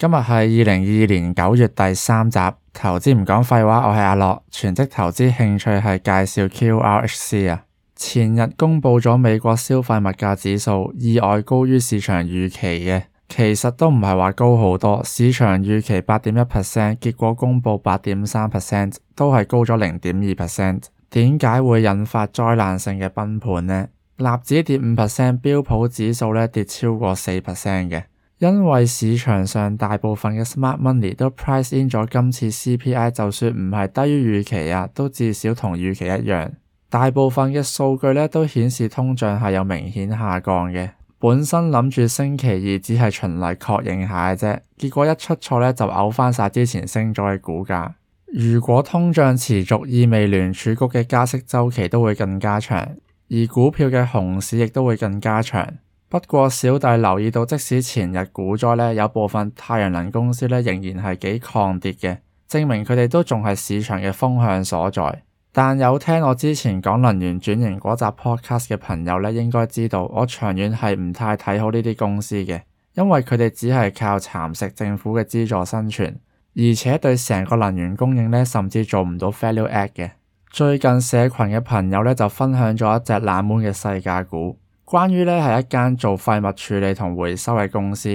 今日係二零二二年九月第三集，投資唔講廢話，我係阿樂，全職投資興趣係介紹 QRHC 啊。前日公布咗美國消費物價指數，意外高於市場預期嘅，其實都唔係話高好多，市場預期八點一 percent，結果公布八點三 percent，都係高咗零點二 percent。點解會引發災難性嘅崩盤呢？納指跌五 percent，標普指數咧跌超過四 percent 嘅。因為市場上大部分嘅 smart money 都 price in 咗今次 CPI，就算唔係低於預期啊，都至少同預期一樣。大部分嘅數據咧都顯示通脹係有明顯下降嘅。本身諗住星期二只係循例確認下啫，結果一出錯咧就嘔翻晒之前升咗嘅股價。如果通脹持續，意味聯儲局嘅加息周期都會更加長，而股票嘅熊市亦都會更加長。不過小弟留意到，即使前日股災呢，有部分太陽能公司呢仍然係幾抗跌嘅，證明佢哋都仲係市場嘅風向所在。但有聽我之前講能源轉型嗰集 podcast 嘅朋友呢，應該知道我長遠係唔太睇好呢啲公司嘅，因為佢哋只係靠蠶食政府嘅資助生存，而且對成個能源供應呢甚至做唔到 value add 嘅。最近社群嘅朋友呢就分享咗一隻冷門嘅細價股。關於呢係一間做廢物處理同回收嘅公司，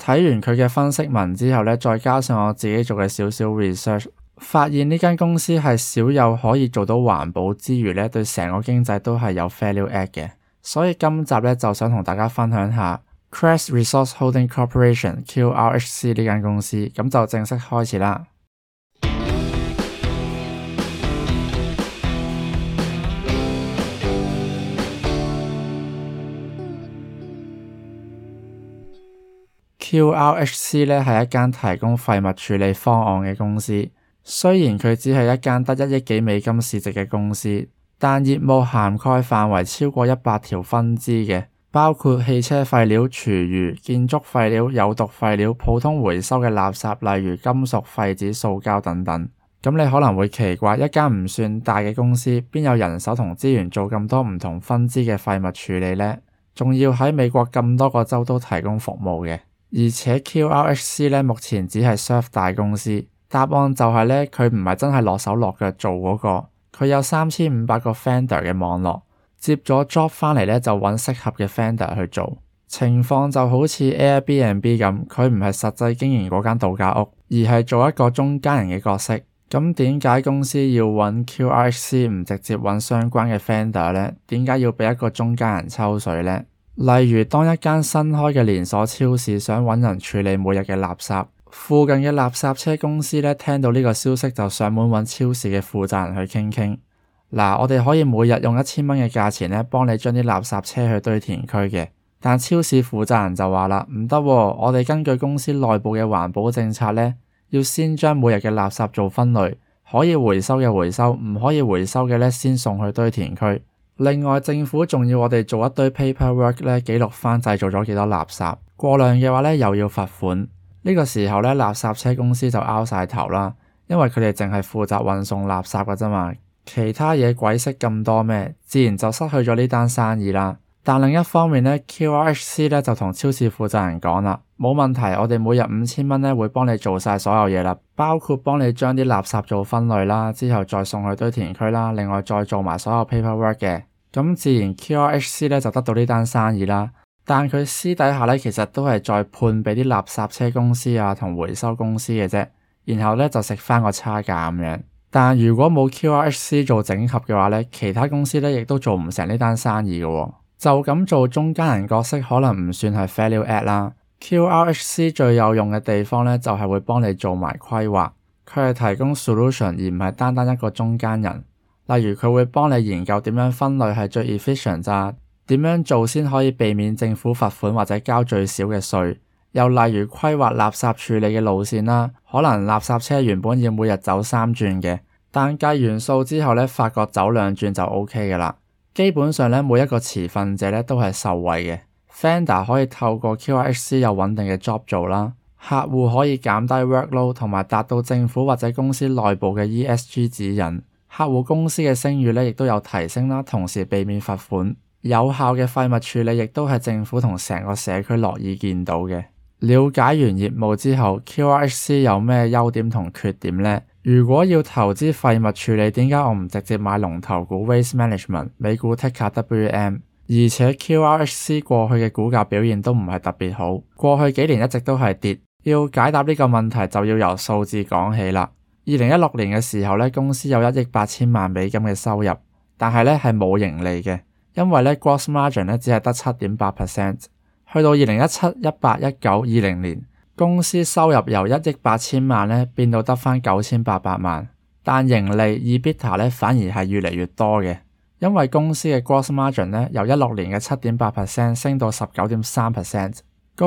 睇完佢嘅分析文之後呢，再加上我自己做嘅少少 research，發現呢間公司係少有可以做到環保之餘呢，對成個經濟都係有 value add 嘅。所以今集呢，就想同大家分享下 Quest Resource Holding Corporation（Q R H C） 呢間公司，咁就正式開始啦。QRHC 呢，係一間提供廢物處理方案嘅公司。雖然佢只係一間得一億幾美金市值嘅公司，但業務涵蓋範圍超過一百條分支嘅，包括汽車廢料、廚餘、建築廢料、有毒廢料、普通回收嘅垃圾，例如金屬、廢紙、塑膠等等。咁你可能會奇怪，一間唔算大嘅公司，邊有人手同資源做咁多唔同分支嘅廢物處理呢？仲要喺美國咁多個州都提供服務嘅。而且 QRHC 呢，目前只係 serve 大公司。答案就係呢，佢唔係真係落手落腳做嗰個。佢有三千五百個 funder 嘅網絡，接咗 job 返嚟呢，就揾適合嘅 funder 去做。情況就好似 Airbnb 咁，佢唔係實際經營嗰間度假屋，而係做一個中間人嘅角色。咁點解公司要揾 QRHC 唔直接揾相關嘅 funder 呢？點解要畀一個中間人抽水呢？例如，當一間新開嘅連鎖超市想搵人處理每日嘅垃圾，附近嘅垃圾車公司呢，聽到呢個消息就上門搵超市嘅負責人去傾傾。嗱，我哋可以每日用一千蚊嘅價錢呢，幫你將啲垃圾車去堆填區嘅。但超市負責人就話啦，唔得喎，我哋根據公司內部嘅環保政策呢，要先將每日嘅垃圾做分類，可以回收嘅回收，唔可以回收嘅呢，先送去堆填區。另外政府仲要我哋做一堆 paperwork 咧，記錄翻製造咗幾多垃圾，過量嘅話咧又要罰款。呢個時候咧，垃圾車公司就拗晒頭啦，因為佢哋淨係負責運送垃圾噶啫嘛，其他嘢鬼識咁多咩？自然就失去咗呢單生意啦。但另一方面咧，QRHC 咧就同超市負責人講啦，冇問題，我哋每日五千蚊咧會幫你做晒所有嘢啦，包括幫你將啲垃圾做分類啦，之後再送去堆填區啦，另外再做埋所有 paperwork 嘅。咁自然，QRHC 咧就得到呢單生意啦。但佢私底下咧，其實都係再判畀啲垃圾車公司啊同回收公司嘅啫。然後咧就食翻個差價咁樣。但如果冇 QRHC 做整合嘅話咧，其他公司咧亦都做唔成呢單生意嘅、哦。就咁做中間人角色可能唔算係 value add 啦。QRHC 最有用嘅地方咧，就係、是、會幫你做埋規劃。佢係提供 solution 而唔係單單一個中間人。例如佢會幫你研究點樣分類係最 efficient 咋，點樣做先可以避免政府罰款或者交最少嘅稅。又例如規劃垃圾處理嘅路線啦，可能垃圾車原本要每日走三轉嘅，但計完數之後咧，發覺走兩轉就 OK 㗎喇。基本上咧，每一個持份者咧都係受惠嘅。Fender 可以透過 QRHC 有穩定嘅 job 做啦，客戶可以減低 workload 同埋達到政府或者公司內部嘅 ESG 指引。客戶公司嘅聲譽呢，亦都有提升啦，同時避免罰款，有效嘅廢物處理亦都係政府同成個社區樂意見到嘅。了解完業務之後，QRHC 有咩優點同缺點呢？如果要投資廢物處理，點解我唔直接買龍頭股 Waste Management 美股 Ticker WM？而且 QRHC 過去嘅股價表現都唔係特別好，過去幾年一直都係跌。要解答呢個問題，就要由數字講起啦。二零一六年嘅時候咧，公司有一億八千萬美金嘅收入，但係咧係冇盈利嘅，因為咧 Gross Margin 咧只係得七點八 percent。去到二零一七、一八、一九、二零年，公司收入由一億八千萬咧變到得返九千八百萬，但盈利 EBITDA 咧反而係越嚟越多嘅，因為公司嘅 Gross Margin 咧由一六年嘅七點八 percent 升到十九點三 percent。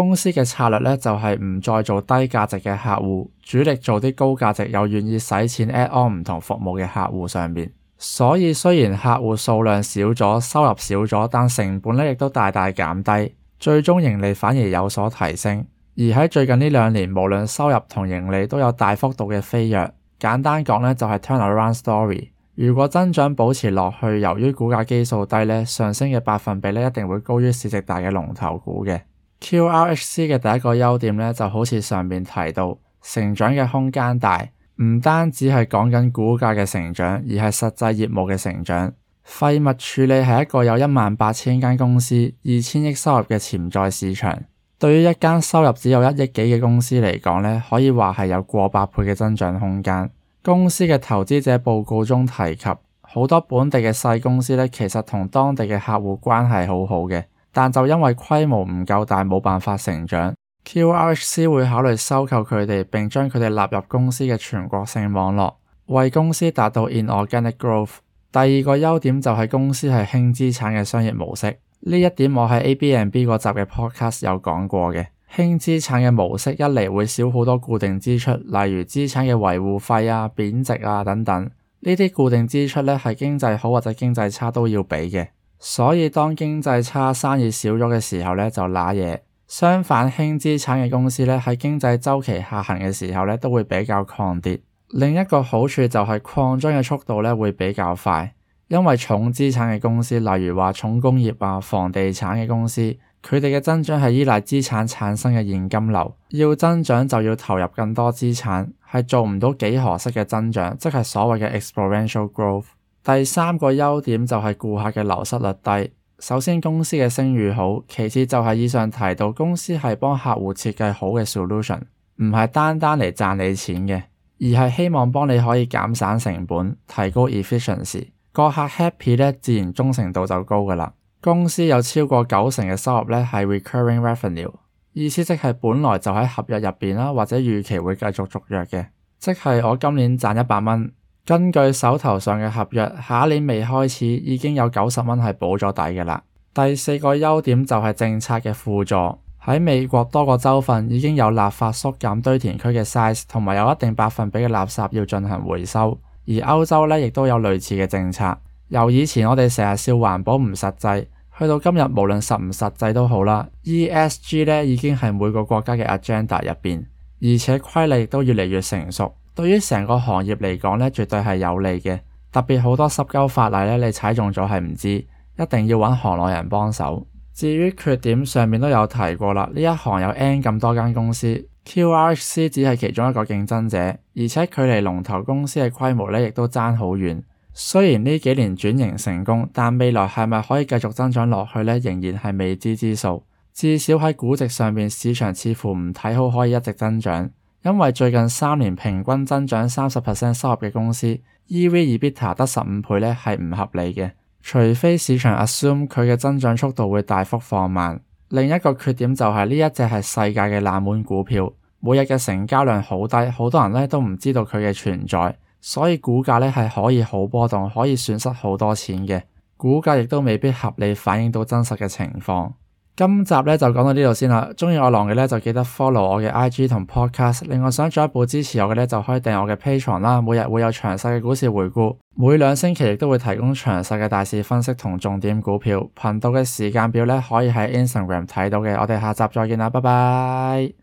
公司嘅策略咧就係唔再做低價值嘅客戶，主力做啲高價值又願意使錢 add on 唔同服務嘅客戶上面。所以雖然客戶數量少咗，收入少咗，但成本咧亦都大大減低，最終盈利反而有所提升。而喺最近呢兩年，無論收入同盈利都有大幅度嘅飛躍。簡單講咧就係 turn around story。如果增長保持落去，由於股價基數低咧，上升嘅百分比咧一定會高於市值大嘅龍頭股嘅。QRHC 嘅第一個優點呢，就好似上面提到，成長嘅空間大，唔單止係講緊股價嘅成長，而係實際業務嘅成長。廢物處理係一個有一萬八千間公司、二千億收入嘅潛在市場，對於一間收入只有一億幾嘅公司嚟講呢，可以話係有過百倍嘅增長空間。公司嘅投資者報告中提及，好多本地嘅細公司呢，其實同當地嘅客戶關係好好嘅。但就因為規模唔夠大，冇辦法成長，QRHC 會考慮收購佢哋並將佢哋納入公司嘅全國性網絡，為公司達到 inorganic growth。第二個優點就係公司係輕資產嘅商業模式，呢一點我喺 ABNB 嗰集嘅 podcast 有講過嘅。輕資產嘅模式一嚟會少好多固定支出，例如資產嘅維護費啊、貶值啊等等，呢啲固定支出呢係經濟好或者經濟差都要俾嘅。所以當經濟差、生意少咗嘅時候咧，就瀨嘢。相反，輕資產嘅公司咧喺經濟周期下行嘅時候咧，都會比較抗跌。另一個好處就係擴張嘅速度咧會比較快，因為重資產嘅公司，例如話重工業啊、房地產嘅公司，佢哋嘅增長係依賴資產產生嘅現金流，要增長就要投入更多資產，係做唔到幾何式嘅增長，即係所謂嘅 exponential growth。第三個優點就係顧客嘅流失率低。首先公司嘅聲譽好，其次就係以上提到公司係幫客戶設計好嘅 solution，唔係單單嚟賺你錢嘅，而係希望幫你可以減省成本、提高 efficiency。個客 happy 咧，自然忠誠度就高㗎啦。公司有超過九成嘅收入咧係 recurring revenue，意思即係本來就喺合約入面啦，或者預期會繼續續約嘅，即係我今年賺一百蚊。根據手頭上嘅合約，下一年未開始已經有九十蚊係保咗底嘅啦。第四個優點就係政策嘅輔助，喺美國多個州份已經有立法縮減堆填區嘅 size，同埋有一定百分比嘅垃圾要進行回收。而歐洲呢亦都有類似嘅政策。由以前我哋成日笑環保唔實際，去到今日，無論實唔實際都好啦，ESG 呢已經係每個國家嘅 agenda 入邊，而且規例都越嚟越成熟。對於成個行業嚟講呢絕對係有利嘅，特別好多濕鳩法例呢你踩中咗係唔知，一定要揾行內人幫手。至於缺點上面都有提過啦，呢一行有 n 咁多間公司，QRHC 只係其中一個競爭者，而且距離龍頭公司嘅規模呢亦都差好遠。雖然呢幾年轉型成功，但未來係咪可以繼續增長落去呢，仍然係未知之數。至少喺估值上面，市場似乎唔睇好可以一直增長。因為最近三年平均增長三十 percent 收入嘅公司，EV、EBITDA 得十五倍咧係唔合理嘅，除非市場 assume 佢嘅增長速度會大幅放慢。另一個缺點就係呢一隻係世界嘅冷門股票，每日嘅成交量好低，好多人咧都唔知道佢嘅存在，所以股價咧係可以好波動，可以損失好多錢嘅，股價亦都未必合理反映到真實嘅情況。今集咧就講到呢度先啦，鍾意我郎嘅咧就記得 follow 我嘅 IG 同 podcast，另外想進一步支持我嘅咧就可以訂我嘅 Patreon 啦，每日會有詳細嘅股市回顧，每兩星期亦都會提供詳細嘅大市分析同重點股票。頻道嘅時間表咧可以喺 Instagram 睇到嘅，我哋下集再見啦，拜拜。